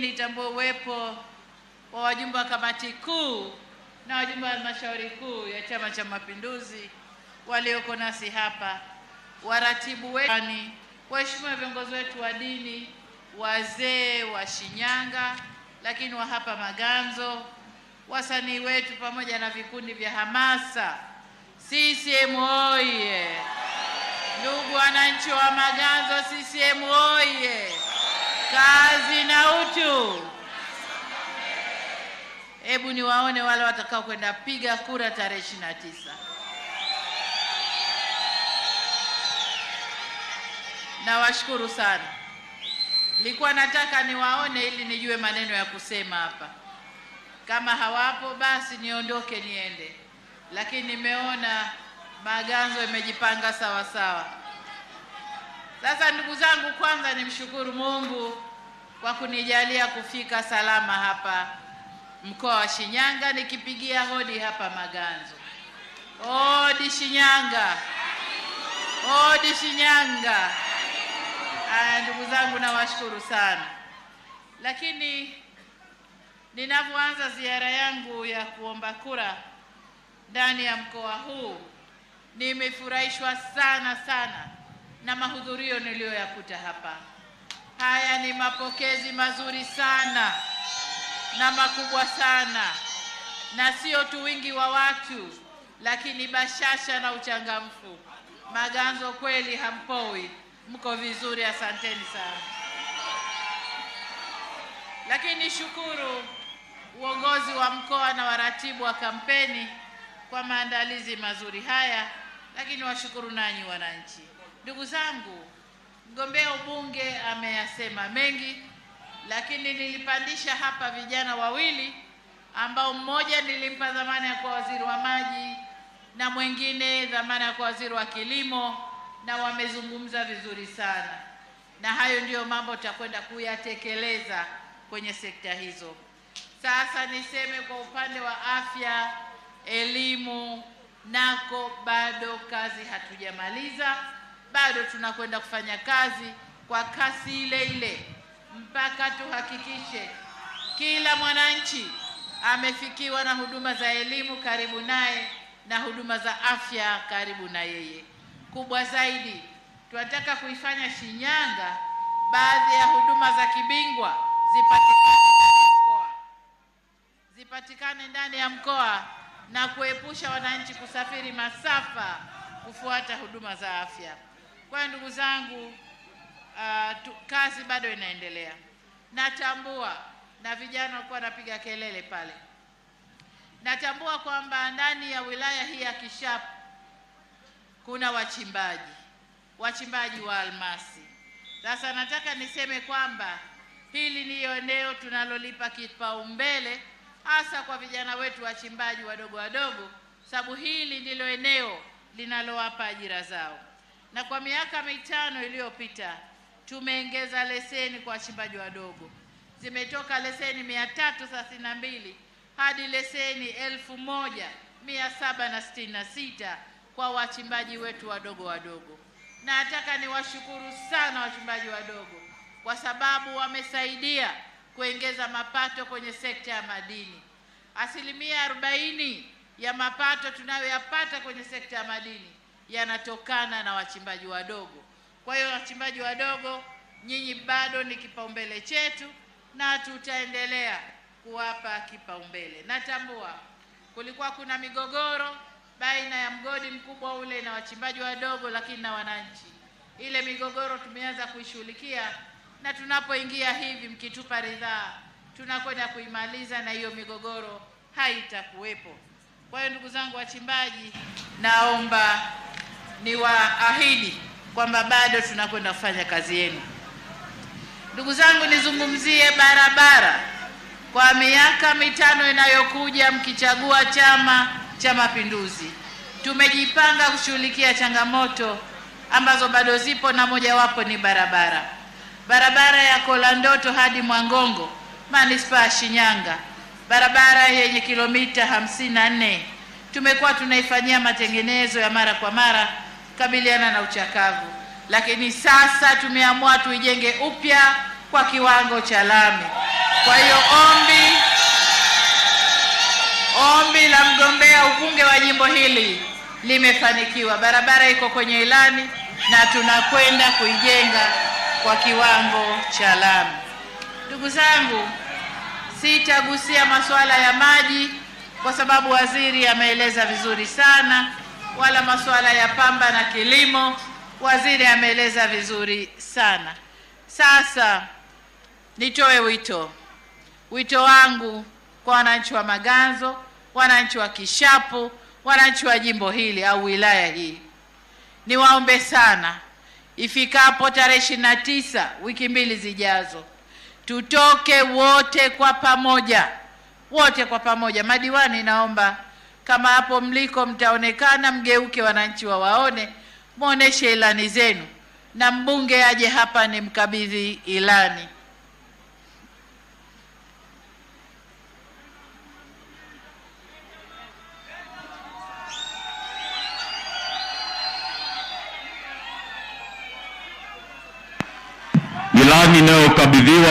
nitambua uwepo wa wajumbe wa kamati kuu na wajumbe wa halmashauri kuu ya Chama cha Mapinduzi walioko nasi hapa, waratibu wetu, waheshimiwa viongozi wetu wa dini, wazee wa Shinyanga lakini wa hapa Maganzo, wasanii wetu pamoja na vikundi vya hamasa. CCM oye! Ndugu wananchi wa Maganzo, CCM oye! kazi na utu. Hebu niwaone wale watakao kwenda piga kura tarehe ishirini na tisa. Nawashukuru sana. Nilikuwa nataka niwaone ili nijue maneno ya kusema hapa. Kama hawapo basi niondoke niende, lakini nimeona Maganzo imejipanga sawa sawa. Sasa ndugu zangu, kwanza nimshukuru Mungu kwa kunijalia kufika salama hapa mkoa wa Shinyanga, nikipigia hodi hapa Maganzo. Hodi Shinyanga, hodi Shinyanga! Aya, ndugu zangu, nawashukuru sana. Lakini ninavyoanza ziara yangu ya kuomba kura ndani ya mkoa huu, nimefurahishwa sana sana na mahudhurio niliyoyakuta hapa. Haya ni mapokezi mazuri sana na makubwa sana, na sio tu wingi wa watu, lakini bashasha na uchangamfu. Maganzo kweli hampoi, mko vizuri, asanteni sana. Lakini shukuru uongozi wa mkoa na waratibu wa kampeni kwa maandalizi mazuri haya, lakini washukuru nanyi wananchi. Ndugu zangu, mgombea ubunge ameyasema mengi, lakini nilipandisha hapa vijana wawili ambao mmoja nilimpa dhamana ya kuwa waziri wa maji na mwingine dhamana ya kuwa waziri wa kilimo, na wamezungumza vizuri sana, na hayo ndiyo mambo tutakwenda kuyatekeleza kwenye sekta hizo. Sasa niseme kwa upande wa afya, elimu, nako bado kazi hatujamaliza bado tunakwenda kufanya kazi kwa kasi ile ile mpaka tuhakikishe kila mwananchi amefikiwa na huduma za elimu karibu naye na huduma za afya karibu na yeye. Kubwa zaidi, tunataka kuifanya Shinyanga baadhi ya huduma za kibingwa zipatikane ndani ya mkoa, zipatikane ndani ya mkoa na kuepusha wananchi kusafiri masafa kufuata huduma za afya. Kwa hiyo ndugu zangu, uh, kazi bado inaendelea. Natambua na vijana walikuwa wanapiga kelele pale. Natambua kwamba ndani ya wilaya hii ya Kishapu kuna wachimbaji, wachimbaji wa almasi. Sasa nataka niseme kwamba hili ndiyo eneo tunalolipa kipaumbele hasa kwa vijana wetu wachimbaji wadogo wadogo, sababu hili ndilo eneo linalowapa ajira zao na kwa miaka mitano iliyopita tumeongeza leseni kwa wachimbaji wadogo, zimetoka leseni mia mbili hadi leseni elfu moja mia saba na sitini na sita kwa wachimbaji wetu wadogo wadogo. Nataka na niwashukuru sana wachimbaji wadogo kwa sababu wamesaidia kuongeza mapato kwenye sekta ya madini. Asilimia 40 ya mapato tunayoyapata kwenye sekta ya madini yanatokana na wachimbaji wadogo. Kwa hiyo wachimbaji wadogo, nyinyi bado ni kipaumbele chetu na tutaendelea kuwapa kipaumbele. Natambua kulikuwa kuna migogoro baina ya mgodi mkubwa ule na wachimbaji wadogo, lakini na wananchi. Ile migogoro tumeanza kuishughulikia, na tunapoingia hivi, mkitupa ridhaa, tunakwenda kuimaliza na hiyo migogoro haitakuwepo. Kwa hiyo ndugu zangu wachimbaji, naomba niwaahidi kwamba bado tunakwenda kufanya kazi yenu. Ndugu zangu, nizungumzie barabara. Kwa miaka mitano inayokuja, mkichagua Chama cha Mapinduzi, tumejipanga kushughulikia changamoto ambazo bado zipo na mojawapo ni barabara. Barabara ya Kolandoto hadi Mwangongo, manispaa ya Shinyanga, barabara yenye kilomita 54 tumekuwa tunaifanyia matengenezo ya mara kwa mara kukabiliana na uchakavu, lakini sasa tumeamua tuijenge upya kwa kiwango cha lami. Kwa hiyo ombi ombi la mgombea ubunge wa jimbo hili limefanikiwa. Barabara iko kwenye ilani na tunakwenda kuijenga kwa kiwango cha lami. Ndugu zangu, sitagusia masuala ya maji kwa sababu waziri ameeleza vizuri sana wala masuala ya pamba na kilimo. Waziri ameeleza vizuri sana. Sasa nitoe wito, wito wangu kwa wananchi wa Maganzo, wananchi wa Kishapu, wananchi wa jimbo hili au wilaya hii, niwaombe sana ifikapo tarehe ishirini na tisa, wiki mbili zijazo, tutoke wote kwa pamoja, wote kwa pamoja. Madiwani, naomba kama hapo mliko mtaonekana, mgeuke wananchi wawaone, muoneshe ilani zenu, na mbunge aje hapa ni mkabidhi ilani.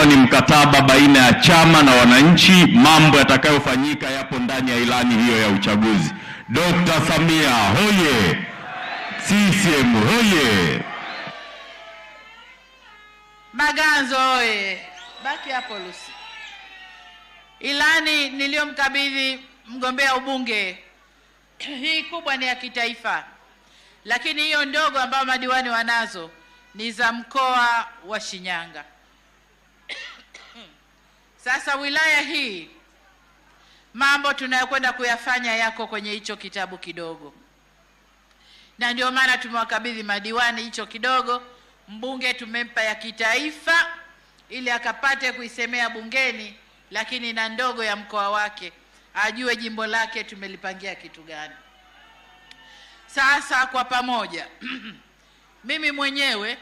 ikiwa ni mkataba baina ya chama na wananchi. Mambo yatakayofanyika yapo ndani ya ilani hiyo ya uchaguzi. Dkt. Samia hoye! CCM hoye! Maganzo hoye! Baki hapo Lucy. Ilani niliyomkabidhi mgombea ubunge hii kubwa ni ya kitaifa, lakini hiyo ndogo ambayo madiwani wanazo ni za mkoa wa Shinyanga. Sasa wilaya hii mambo tunayokwenda kuyafanya yako kwenye hicho kitabu kidogo, na ndio maana tumewakabidhi madiwani hicho kidogo. Mbunge tumempa ya kitaifa ili akapate kuisemea bungeni, lakini na ndogo ya mkoa wake, ajue jimbo lake tumelipangia kitu gani. Sasa kwa pamoja mimi mwenyewe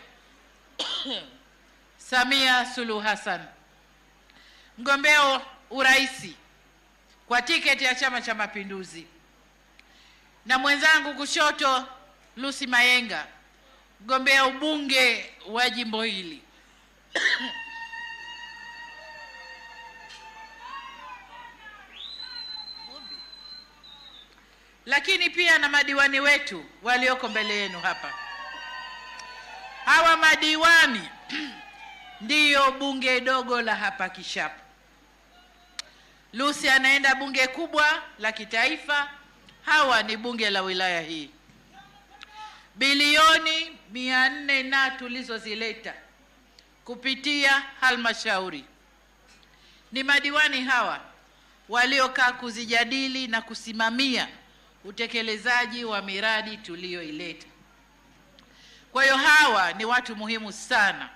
Samia Suluhu Hassan mgombea urais kwa tiketi ya Chama cha Mapinduzi, na mwenzangu kushoto Lucy Mayenga, mgombea ubunge wa jimbo hili lakini pia na madiwani wetu walioko mbele yenu hapa. Hawa madiwani ndiyo bunge dogo la hapa Kishapu. Lusi anaenda bunge kubwa la kitaifa, hawa ni bunge la wilaya hii. Bilioni mia nne na tulizozileta kupitia halmashauri ni madiwani hawa waliokaa kuzijadili na kusimamia utekelezaji wa miradi tuliyoileta. Kwa hiyo hawa ni watu muhimu sana.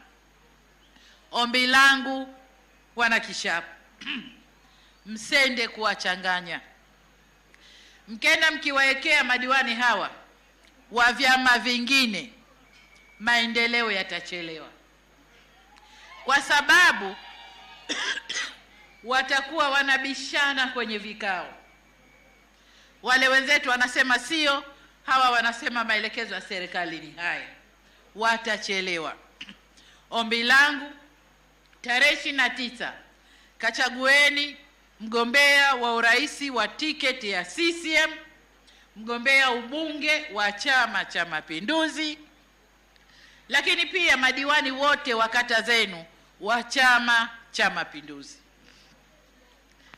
Ombi langu wana Kishapu msende kuwachanganya. Mkenda mkiwaekea madiwani hawa wa vyama vingine, maendeleo yatachelewa, kwa sababu watakuwa wanabishana kwenye vikao. Wale wenzetu wanasema sio, hawa wanasema maelekezo ya serikali ni haya, watachelewa. Ombi langu tarehe ishirini na tisa kachagueni mgombea wa urais wa tiketi ya CCM, mgombea ubunge wa Chama cha Mapinduzi, lakini pia madiwani wote wa kata zenu wa Chama cha Mapinduzi.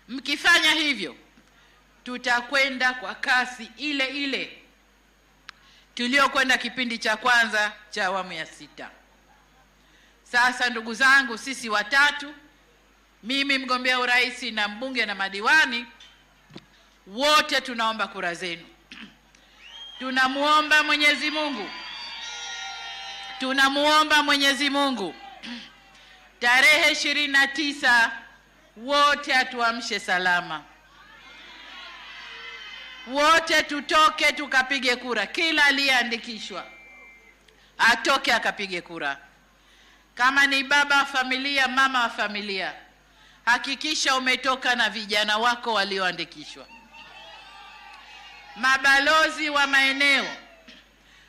Mkifanya hivyo, tutakwenda kwa kasi ile ile tuliokwenda kipindi cha kwanza cha awamu ya sita. Sasa ndugu zangu, sisi watatu mimi mgombea urais na mbunge na madiwani wote tunaomba kura zenu. tunamuomba Mwenyezi Mungu, tunamuomba Mwenyezi Mungu tarehe ishirini na tisa wote atuamshe salama, wote tutoke tukapige kura. Kila aliyeandikishwa atoke akapige kura, kama ni baba wa familia, mama wa familia hakikisha umetoka na vijana wako walioandikishwa. Mabalozi wa maeneo,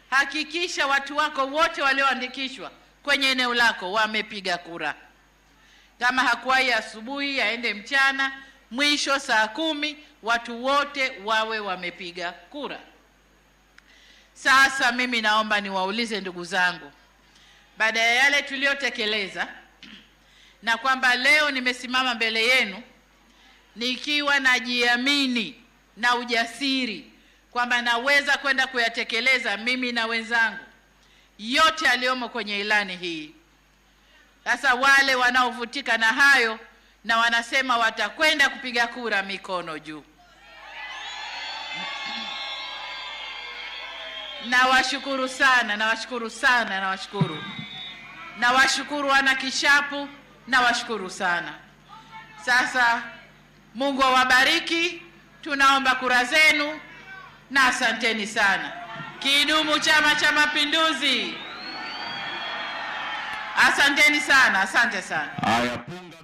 hakikisha watu wako wote walioandikishwa kwenye eneo lako wamepiga kura. Kama hakuwahi asubuhi, aende mchana, mwisho saa kumi watu wote wawe wamepiga kura. Sasa mimi naomba niwaulize ndugu zangu, baada ya yale tuliyotekeleza na kwamba leo nimesimama mbele yenu nikiwa najiamini na ujasiri kwamba naweza kwenda kuyatekeleza mimi na wenzangu yote yaliyomo kwenye ilani hii. Sasa wale wanaovutika na hayo na wanasema watakwenda kupiga kura, mikono juu. Nawashukuru sana, nawashukuru sana, nawashukuru, nawashukuru wana Kishapu. Nawashukuru sana. Sasa Mungu awabariki, tunaomba kura zenu na asanteni sana. Kidumu Chama cha Mapinduzi! Asanteni sana, asante sana. punga.